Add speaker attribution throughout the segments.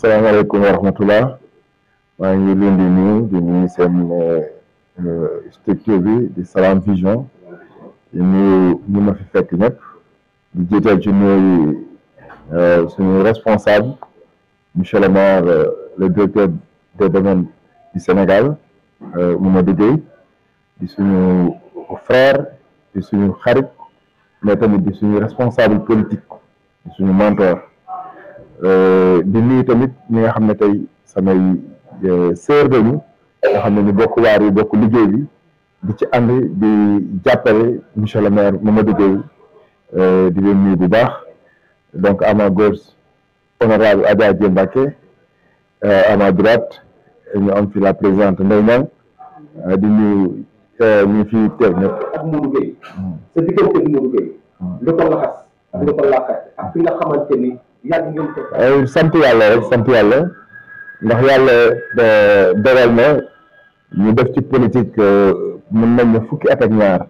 Speaker 1: salaamaaleykum wa rahmatullah maa ngi leen di nuyu di nuyu seen euh, structure bi di Salam Vision di nuyu ma fi fekk ñëpp di jiital ci nuyu euh, suñu responsable monsieur le maire euh, le directeur des domaines du Sénégal Mamadou Gueye di suñu frère di suñu xarit mais tamit di suñu responsable politique di suñu mentor Euh, di nuyu tamit ñi nga xam ne tey samay euh, sœur dañu nga xam ne ñu bokk waar yi bokk liggéey bi di ci ànd di jàppale monsieur le maire Mamadou Gueye euh, di leen nuyu bu baax donc am ma gauche honorable Adja Dieng Mbacké à ma droite ñu am fi la présidente Ndeye di nuyu ñu fi teew ñëpp. ak Modou Gueye. sa diggante ak Modou Gueye. Hmm. lu laxas. lu ko laxas ak fi nga xamante ni. Eh, sant yàlla rek sant yàlla ndax yàlla eh, dogal na ñu def ci politique eh, mën nañ ne fukki at ak ñaar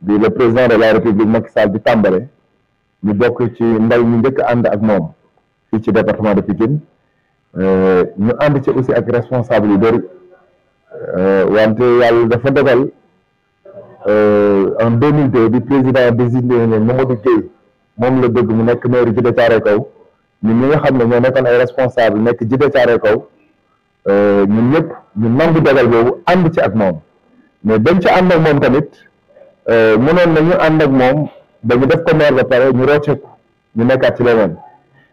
Speaker 1: bi le président de la république Macky Sall di tàmbale ñu bokk ci ndaw ñu njëkk ànd ak moom fii ci département de Pikine ñu ànd ci aussi ak responsable yu bëri wante yàlla dafa dogal en 2002 bi président désigné ne Mamadou Gueye moom la bëgg mu nekk maire ci Thiaroye Kaw ñu ñi nga xam ne ñoo nekkoon ay responsable nekk jiite caare kaw euh, ñun ñëpp ñu nangu dogal boobu ànd ci ak moom mais bañ ci ànd ak moom tamit euh, mënoon nañu ànd ak moom dañu def ko maire ba pare ñu rocceeku ñu nekkaat ci leneen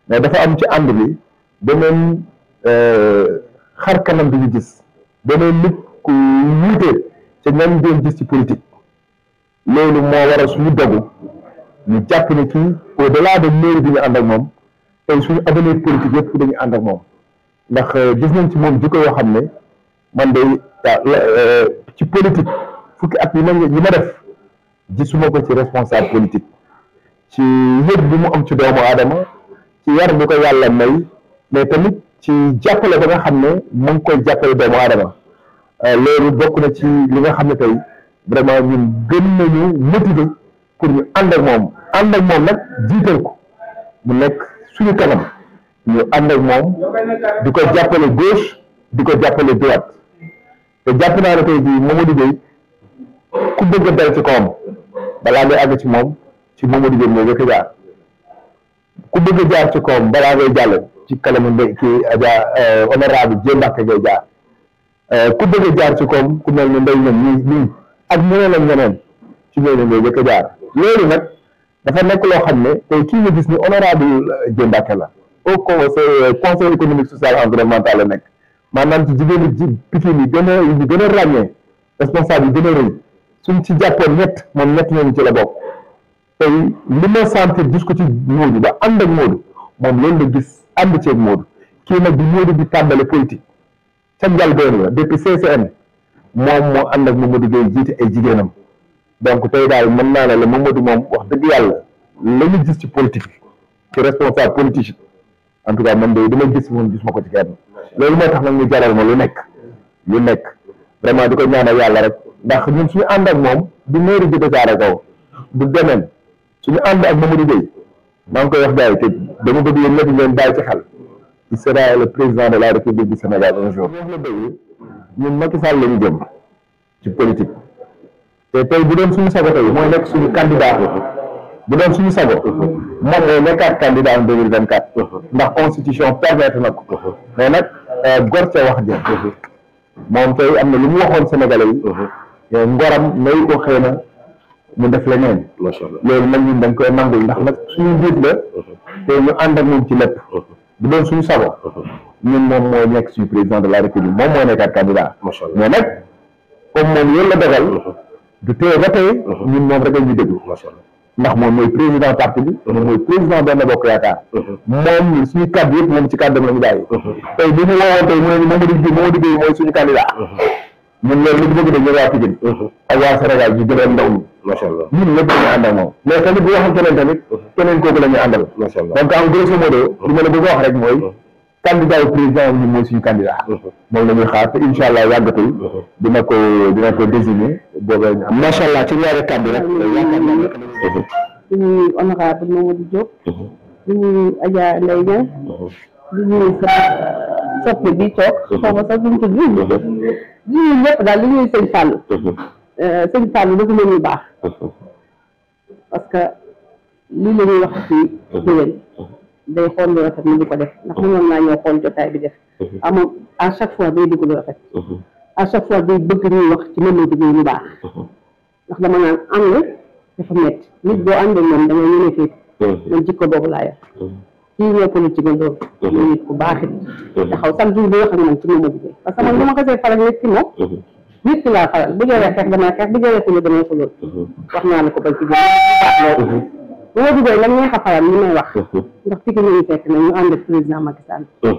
Speaker 1: mais dafa am ci ànd bi beneen euh, xar kanam bi ñu gis beneen nit ku wuute ci ñoom doon gis ci politique loolu moo waral suñu dogu ñu jàpp ni kii au delà de maire bi ñu ànd ak moom tey suñu avenir politique yëpp dañu ànd ak moom ndax euh, gis nañ ci moom jikko yoo xam ne man day euh, ci politique fukki at yi ma yi ma def gisuma ko ci responsable politique ci yër mu am ci doomu aadama ci yar bi ko yàlla may mais tamit ci jàppale ba nga xam ne mu ngi koy jàppale doomu aadama euh, loolu bokk na ci li nga xam ne tey vraiment ñun gën nañu motiver pour ñu ànd ak moom ànd ak moom nag jiital ko mu nekk suñu kanam ñu ànd ak moom di ko jàppale gauche di ko jàppale droite te jàpp naa ne tey jii Mamadou Gueye ku bëgg a dal ci kawam balaa ngay àgg ci moom ci Mamadou Gueye mooy nga jaar ku a jaar ngay jàll ci kanamu mbé kii Adja euh, honorable Dieng Mbacke ngay jaar euh, ku bëgg a jaar ci kawam ku mel ne mbéy ñoom ñii ñii ak ñeneen ak ñeneen ci ñooñu ngay njëkk jaar loolu nag. dafa nekk loo xam ne tey kii nga gis ni honorable euh, Diendake la au conseil euh, conseil économique social environnemental la nekk maanaam ci jigéenu ji Pikine yi gën a ñu gën a ràññee responsable yi gën a rëy suñ ci jàppoon ñett moom ñett ñooñu ci la bokk tey li ma sentir gis ko ci Modou ba am ak Modou moom loolu la gis am ànd ceeg Modou kii nag bi Modou di tàmbale politique ca njëlbéen la depuis CCM moom moo ànd ak Mamadou Gueye jiite ay jigéenam donc tey daal mën naa ne la Mamadou moom wax dëgg yàlla la ñu gis ci politique ci responsable politique en tout cas man de dama gis moom gis ma ko ci kenn loolu moo tax nag ñu jaral ma lu nekk lu nekk vraiment di ko ñaanal yàlla rek ndax ñun suñu ànd ak moom du mairie bi Dakar kaw du demeen suñu ànd ak Mamadou Gueye maa ngi koy wax gars yi te dama bëgg yéen ñëpp ngeen bàyyi ci xel il sera le président de la république du Sénégal un jour ñun Macky Sall la ñu jëm ci politique te bu doon suñu sago tey mooy nekk suñu candidat bu doon suñu sago moom mooy nekkaat candidat en deux mille vingt quatre ndax constitution permettre na ko mais nag euh, wax ja moom tey am na lu mu waxoon sénégalais yi euh, ngoram may ko na mu def leneen loolu nag ñun dañ koy nangul ndax nag suñu njiit la te ñu ànd ak moom ci lépp bu doon suñu sago ñun moom mooy nekk suñu président de la république moom mooy nekkaat candidat mais moom yéen la dogal du tey ba tey. Uh-huh. ñun moom rek ñu déglu. ndax moom mooy président parti bi. moom mooy uh-huh. président benn bokk yaakaar. Uh-huh. moom suñu kàddu yëpp moom ci kàddoom da ñu bàyyi. tey bi ñu woowoon tey mu ne Mamadou Gueye Mamadou Gueye mooy suñu candidat. ñun loolu li ñu bëgg de ñu waa Pikine. ak waa Sénégal ji a ndaw ñi. macha allah ñun ñëpp bu waxoon keneen tamit. keneen kooku la ñuy àndal. macha allah donc en grosso modo. ma la bëgg a wax mooy. candidat yu président wu ñu mooy suñu candidat mhm. moom la ñuy xaar te incha allah yàggatul mhm. dina ko dina ko désigner booba macha allah ci ñaari kàddu rek
Speaker 2: mhm. suñu honorable Mamadou Diop suñu Adja Ndeye Niang suñu sa soppe bi toog xaw ma sax suñu tudd li ñuy ñëpp daal li ñuy sëñ Fallou euh, sëñ Fallou dafa leen ñu baax parce que lii la ñuy wax ci déwén day xool lu rafet mu di ko def ndax mënoon naa ñëw xool jotaay bi def mhm. amoon à chaque fois mhm. à chaque fois day bëgg ñuy wax ci mën na dugg lu baax mhm. ndax dama naan ànd dafa métti nit boo àndee moom da ngay ñëw fii man jikko boobu laa yor kii ñëw politique am loolu muy nit ku baax it taxaw chaque jour bi nga xam ne man ci moom la jógee parce que man lu ma xasee faral nit ki moom nit ki laa faral bu jëlee xeex damay xeex bu jëlee xuloo damay xuloo wax naa la ko ba ci baax bu ma duggee lan ñuy xafaral li may wax. Mhm. ndax fii nañu fekk na ñu ànd ak président Macky mhm.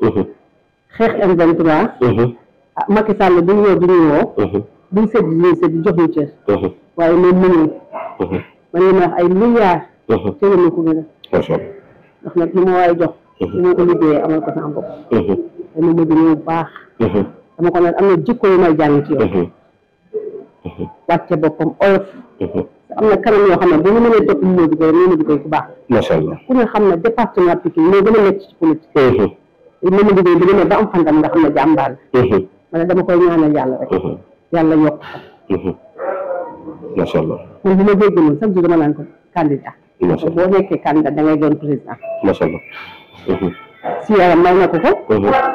Speaker 2: Mhm. xeex M23. ah Macky Sall duñ woo duñ woo. duñ sedd duñ sedd jox ñu cër. waaye moom mënul. man li ay milliards. tëral na ko ma ko liggéeyee amal ko sama bopp. te moom it ñëw baax. dama ko naan am na jikko yu may jàng ci yow. wàcce boppam oyof. am na kanam yoo xam ne boo ñu mënee dëkk Modou Gueye Modou Gueye ku baax. macha allah ku ñu xam ne département Pikine moo gën a nekk ci politique. Modou mm-hmm. Gueye ba am fandam nga xam ne jàmbaar mm-hmm. ma ne dama koy ñaanal yàlla rek. Mm-hmm. yàlla yokk ko. macha allah man bu ma déggee noonu chaque jour dama naan ko candidat. macha allah boo nekkee candidat da ngay doon président. macha allah. si yaram may na ko ko.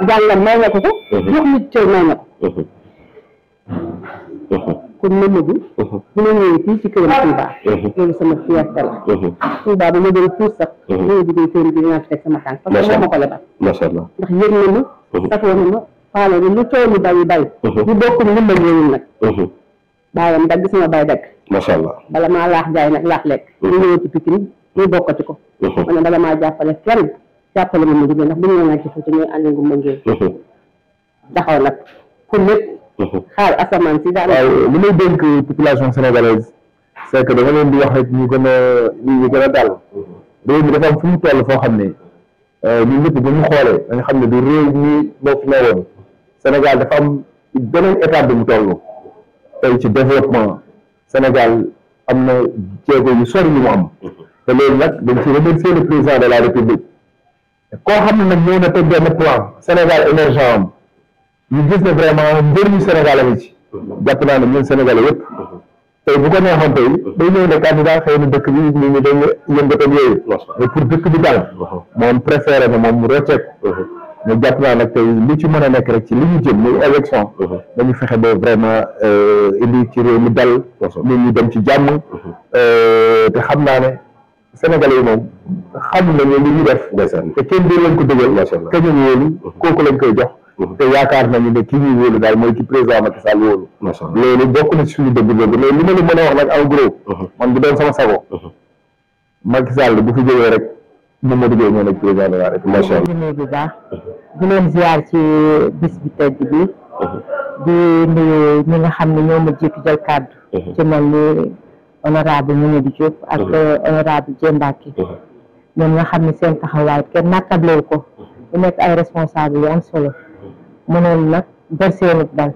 Speaker 2: jàngam may na ko ko. jox nit cër may na Uh-huh. kon ma nëbbu uh-huh. bu ma ñëwee fii ci këram a uh-huh. loolu sama fierté la Touba bu ma doon tuus sax ñëw bi dee këram bi dinaa fi teg sama tànk parce que moo ma ko lebal macha allah ndax yëg na ma safoo na ma faale na lu coow li bari bari ñu bokkum li ma ñëwul nag bàyyam dagg sama bay dagg macha allah bala maa laax jaay nag laax lekk bokkati ko ma bala maa jàppale kenn jàppale ma mu jigéen ndax bu ñu la naa ci fuuti ñooy ànd ngumba ngeen taxaw
Speaker 1: nag ku lépp xaar asamaan si daal. waaw li may dénk population sénégalaise c'est que dama leen di wax rek ñu gën a ñu gën a dal réew mi dafa am fu mu toll foo xam ne euh, ñun ñëpp bu ñu xoolee da nga xam ne du réew mi moo fi newoon Sénégal dafa am beneen étape bi mu toll tey ci développement Sénégal am na jéego yu sori yu mu am te loolu nag dañ ci remercier le président de la République koo xam ne nag ñëw na te benn plan Sénégal émergent am ñu gis ne vraiment mbër ñu Sénégal bi ci jàpp naa ne ñun Sénégal yëpp tey bu ko neexoon tey day ñëw ne candidat xëy na dëkk bi ñu ñu dañ yëngatoon yooyu mais dëkk bi dal moom préféré na moom mu rocceeku mais jàpp naa nag tey li ci mën a nekk rek ci li ñu jëm muy élection dañu fexe ba vraiment euh, indi ci réew mi dal nit ñi dem ci jàmm euh, te xam naa ne Sénégalais yi moom xam ne li ñu def te kenn di ko dëgal te ñu kooku lañ koy jox te yaakaar nañu ne ki ñuy wóolu daal mooy ki président Macky Sall wóolu loolu bokk na ci suñu dëgg-dëgg mais li ma la a wax nag en gros uh-huh. man bu doon sama sago uh-huh. Macky Sall bu fi jógee rek Mamadou Gueye moo nekk président de la République uh-huh. bi
Speaker 2: tedd nga xam ne ñoo ma ci mel ni honorable Mamadou Diop ak honorable Diembaki ñoom nga xam ne seen taxawaay kenn nattableel ko ñu nekk ay responsable yu am solo mënoon na ber seenub dal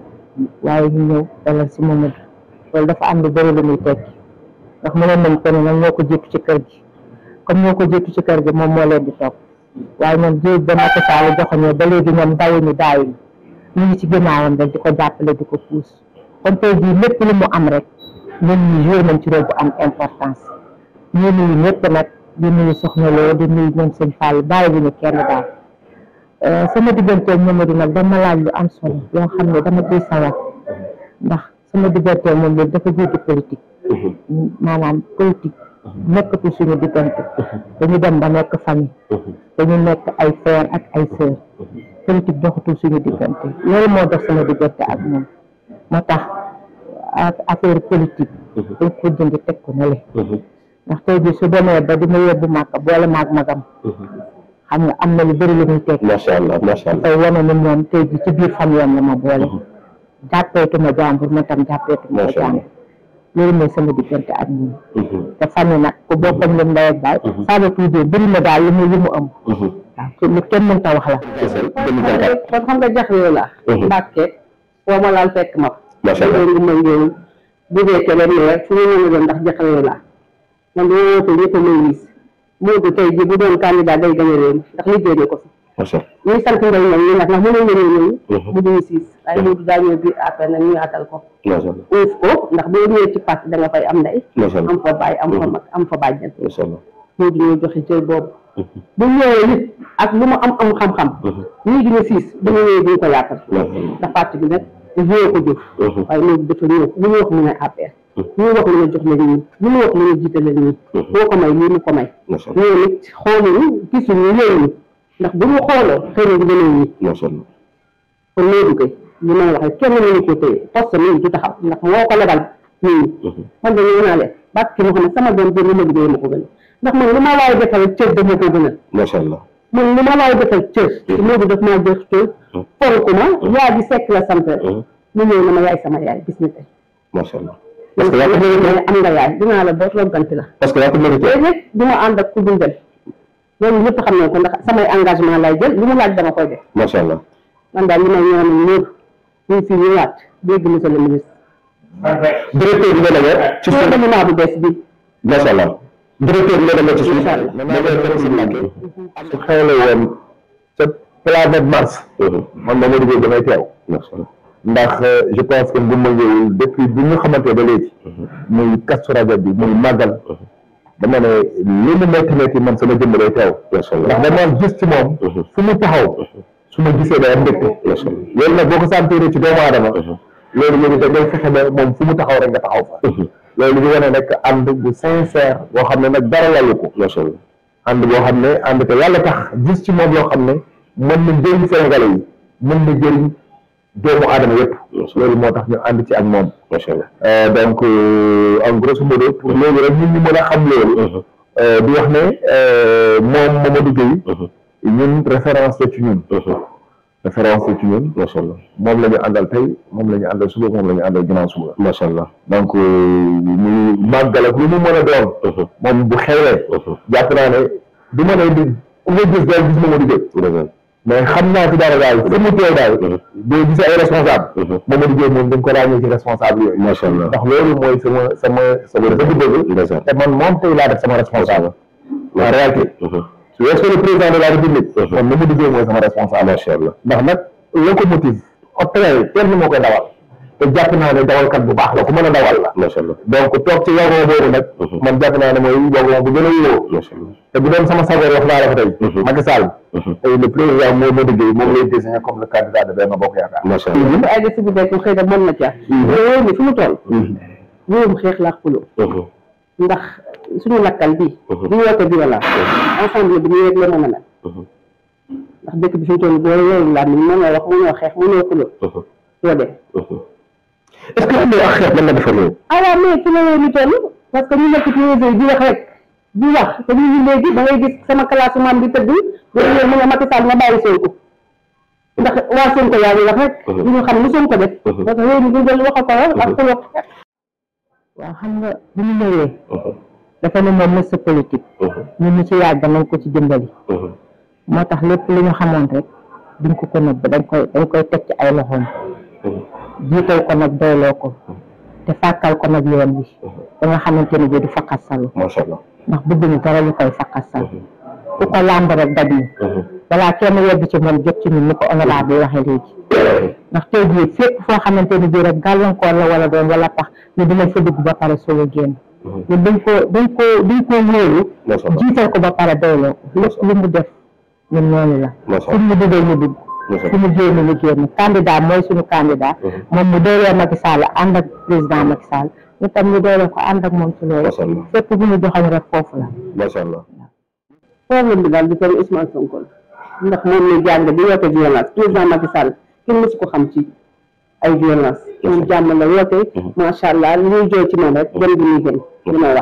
Speaker 2: waaye ñu ñëw dalal si Mamadou loolu dafa am lu bëri lu muy tekki ndax mënoon nañ ko ne nag ñoo ko jiitu ci kër gi comme ñoo ko jiitu ci kër gi moom moo leen di topp waaye ñoom jiw ba Macky Sall joxoñoo ba léegi ñoom dawuñu daayuñu ñu ngi ci ginnaawam rek di ko jàppale di ko puus kon tey jii lépp lu mu am rek ñun ñu joué nañ ci rôle bu am importance ñu nuyu ñëpp nag di nuyu soxna Lo di nuyu ñoom sëñ Fall bàyyi bu ñu kenn Euh, sama digganteeg Mamadou nag dama laaj lu am solo loo xam ne dama ciy sawar ndax sama digganteeg moom léegi dafa jiitu politique mhm. maanaam politique mhm. nekkatu suñu diggante mhm. dañu dem ba nekk famille dañu nekk ay frère ak ay sœur politique doxatul suñu diggante loolu moo dox sama diggante ak moom moo tax ak affaire politique dañ ko jënd teg ko ne ndax tey bi su demee ba di yóbbu màkk boole maag magam xam nga am na lu bëri lu muy teg macha allah macha allah tey wane ci biir famiyam la ma boole mhm. jàppeetuma jàmbur ma tam jàppeetuma ko jàmbur loolu mooy sama diggante ak ñun mhm. te famille nag ku bokkam mhm. lu na daal lu mu lu mu am waaw lu kenn mënta wax la kon xam nga jaxloo la a doon Modou tey jii bu doon candidat day gagné réew ndax liggéey na ko fi. macha allah ñu ngi sant Ndeye Ndeye ñu nag ndax mënoon nañu ñëw. Mhm. bu ñuy siis waaye Modou daa ñëw biir affaire nag ñu yaatal ko. uuf ko ndax boo ñëwee ci parti da nga fay am ndey. macha allah am fa bàyyi am fa mhm. mag am fa bàjjen. macha allah Modou ñoo joxe cër boobu. Mhm. bu ñëwee nit ak lu mu am am xam-xam. ñii dina siis bu ñu ñëwee duñ ko yaatal. ndax parti bi nag dañu ko jóg. waaye Modou dafa ñëw lu ñu wax mu ne affaire. ñu mm-hmm. wax lu ñu jox leen ñun lu ñu wax lu ñu jiite leen ñun mm-hmm. boo ko may lii mu ko may ñoo nit xooluñu gisuñu yéeñu ndax bu ñu xooloo xëy na dinañu ñi kon loolu kay li may wax rek kenn mënu ko téye parce que ñun du taxaw ndax moo ko lebal
Speaker 1: ñun mm-hmm.
Speaker 2: kon dañu naa leen bàkki moo xam ne sama doom jël li ma liggéey ma ko gën ndax man lu ma waay defal cër dama ko gën a macha allah man lu ma waay defal cër loolu daf maa jox cër fonk ma yaa ji sekk la sant mu ñëw na ma yaay sama yaay gis ni tey macha allah parce que yaa ko mérité am nga yaay dinaa la boo rombanti la. parce que yaa ko mérité léeg-léeg du ma ku dundal loolu lu mu laaj dama koy def. macha allah man daal li may ñaan ñëpp ñu fi ñëwaat dégg monsieur le ministre.
Speaker 1: directeur bi nga demee. ci suñu gouvernement bu bees bi. macha allah directeur bi nga ci suñu. macha allah man maa ngi su xewle woon ca ndax euh, je pense que Ngoumba Ngeul depuis bi ñu xamante ba léegi mhm. muy Kazu Rajab bi muy màggal mhm. dama ne li mu metti metti man sama jëmm lay teew ndax dama gis ci moom mhm. fu mu taxaw su ma gisee day am mbégte loolu nag boo ko santéere ci doomu aadama loolu yéen itam day fexe ba moom fu mu taxaw rek nga taxaw fa loolu bi wane nekk ànd bu sincère boo xam ne nag dara lalu ko ànd boo xam ne ànd te yàlla tax gis moom yoo xam ne mën na jëriñ Sénégalais yi mën na jëriñ doomu aadama yëpp. loolu moo tax ñu ànd ci ak moom. macha allah euh, donc euh, en grosso modo pour uh-huh. loolu rek ñun ñu mën a xam loolu. Uh-huh. Euh, di wax ne moom Mamadou Gueye. Uh-huh. ñun référence la ci ñun. référence la ci ñun. macha moom lañu ñu àndal tey moom la ñu àndal suba moom la ñu àndal ginnaaw suba. macha allah donc ñu màggal moom bu xewlee. jàpp naa ne du ma ne ku nga gis daal gis Mamadou Gueye. mais xam naa ci dara daal fu mu teew daal boo mhm. gisee ay responsable mhm. Mamadou Diop moom dañ ko ràññee ci responsable yooyu macha allah ndax loolu mooy sama sama sama dafa bëgg te man moom tey laa def sama responsable en réalité mhm. su weesoo le président de la république moom Mamadou Diop mooy sama responsable macha allah ndax nag locomotive otrain kenn moo koy dawal te jàpp naa ne dawalkat bu baax la ku mën a dawal la.
Speaker 2: macha allah donc
Speaker 1: toog ci wagon boobu nag. Mhm. man jàpp naa ne mooy wagon bu gën a wóor. macha allah
Speaker 2: te bu doon sama sago wax naa la a tey. Mhm. Macky Sall.
Speaker 1: Mhm. le président moo ma liggéey moom e désigné comme le candidat de Benno Bokk Yaakaar. macha allah ñun
Speaker 2: agressivité bi xëy na mën na caa. te yooyu ni fu mu toll. ñoom xeex laa xuloo. ndax suñu bi bu ñu wootee dina la. ensemble bi ñu rek la mën a mel. ndax dëkk bi mu toll boo loolu laa ni
Speaker 1: a wax
Speaker 2: est-ce que am na ak xeet mën na defar loolu. ah waaw mais ci la loolu ñu toll parce que ñu mu ne waa mhm. mhm. mhm. xam nga bu ñu dafa moom monsieur politique. ñun ñu ci yàgg nañ ko ci dimbali. moo tax lépp lu ñu xamoon rek duñ ko ko nëbb dañ koy dañ ci ay loxoom. jiital ko nag doyloo ko te fàkkal ko nag yoon bi ba nga xamante ne bii du fakkasalu macha allah ndax bëgguñu dara lu koy fakkasal mhm. ku ko làmb rek daj ñu mhm. balaa kenn yegg ci moom jot ci ñun ni ko honorable bi waxee léegi mhm. ndax tey jii fépp foo xamante ne bii rek gàllankoor la wala doon wala tax ne dinañ fa dugg ba pare soo a génn ñun dañ ko dañ jiital ko ba pare doyloo lu mu def ñun noonu la pour ñu dugal ñu dugg su mu génn mu génn candidat mooy suñu candidat moom mu dooleel Macky Sall ànd ak président Macky Sall ñu tam ñu dooleel ko ànd ak moom ci loolu fépp bu ñu joxañ rek foofu bi daal du problème Ousmane Sonko ndax moom jàng di woote violence président Macky Sall kenn mësu ko xam ci ay violence moom la woote macha allah li ci moom rek gën bi ñuy gën li moo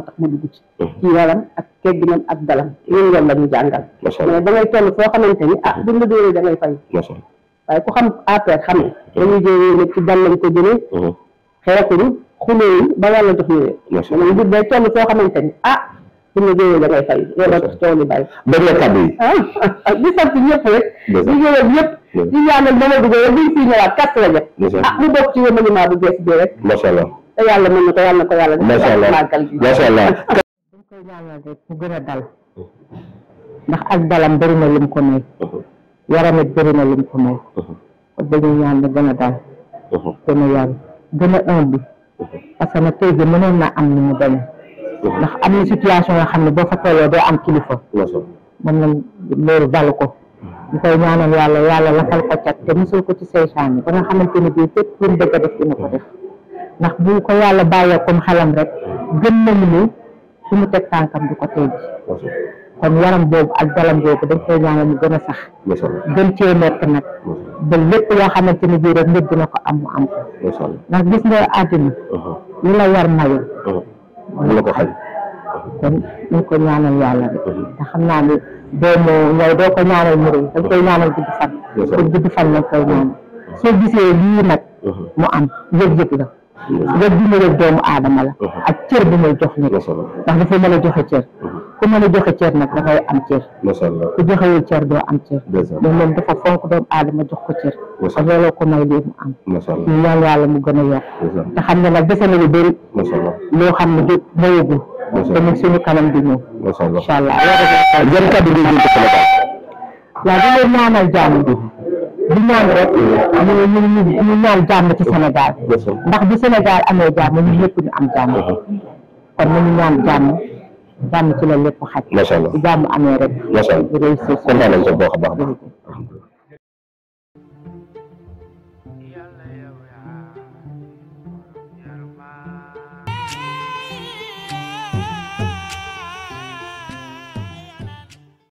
Speaker 2: tax ma dugg ci ci yaram ak tegginam ak dalam yéen yoon la ñu jàngal mais da ngay toll foo xamante ni ah buñ la dóoree da ngay fay
Speaker 1: waaye
Speaker 2: ku xam APR xam ne mm-hmm. dañuy jëlee nag ci dal lañ ko jëlee mm-hmm. xeexuñu xulóoyu ba yàlla jox ñëwee maanaam mbir day toll foo xamante ni ah buñ la dóoree da ngay fay loolu tax tool yi bari dernier kàddu yi ah, ah di sant ñëpp rek di gërëm ñëpp di ñaanal dama dugg rek liñ fii ñëwaat kàtt la jëf ah mu bokk ci wér monument bu bees bi rek macha allah te yàlla mën na ko yàlla na ko yàlla def màggal bi macha allah ko yàlla rek mu gën a dal ndax ak dalam bëri na ko may yaramit bëri na lim ko may kon dañuy ñaan mu gën a dal gën a yàgg gën a humble parce que nag tey jii mënoon naa am ni ne boo fa tolloo ko ñu koy ñaanal yàlla yàlla lafal ko cat te musul ko ci seytaane ba nga xamante ni bii fépp lu mu bëgg a def dina ko def ndax bu ko yàlla bàyyee comme xelam rek gën nañu ne fi mu teg tànkam du ko teg kon yaram boobu ak dalam boobu dañ koy ñaanal mu gën a sax gën cee nekk nag ba lépp loo xamante ni bii nit dina ko am mu am ko ndax gis ñaanal yàlla rek te naa ni koy ñaanal gudd fan kon gudd fan lañ koy ñaanal soo gisee lii nag uh-huh. mu am yëg-yëg la nga dimbalee doomu aadama la uh-huh. ak cër bi ngay jox nit ndax dafa mën a joxe cër uh-huh. ku mën a joxe cër nag dafay am cër ku joxewul cër doo am cër da moom dafa fonk doomu aadama jox ko cër kon looloo ko may lii mu am ñu ñaan yàlla mu gën a yokk te xam ne nag dese na lu bëri loo xam ne du mayagul te nag suñu kanam di ñëw incha allah jërëjëf kaddu gi waaw di ñaan rek ñu ñu ñu ñaan jàmm ci Sénégal ndax bu Sénégal amee jàmm ñu lépp ñu am jàmm kon nañu ñaan jàmm jàmm ci la lépp xaj. macha allah bu jàmm amee rek. macha allah réussir kontaan nañ sa baax a baax.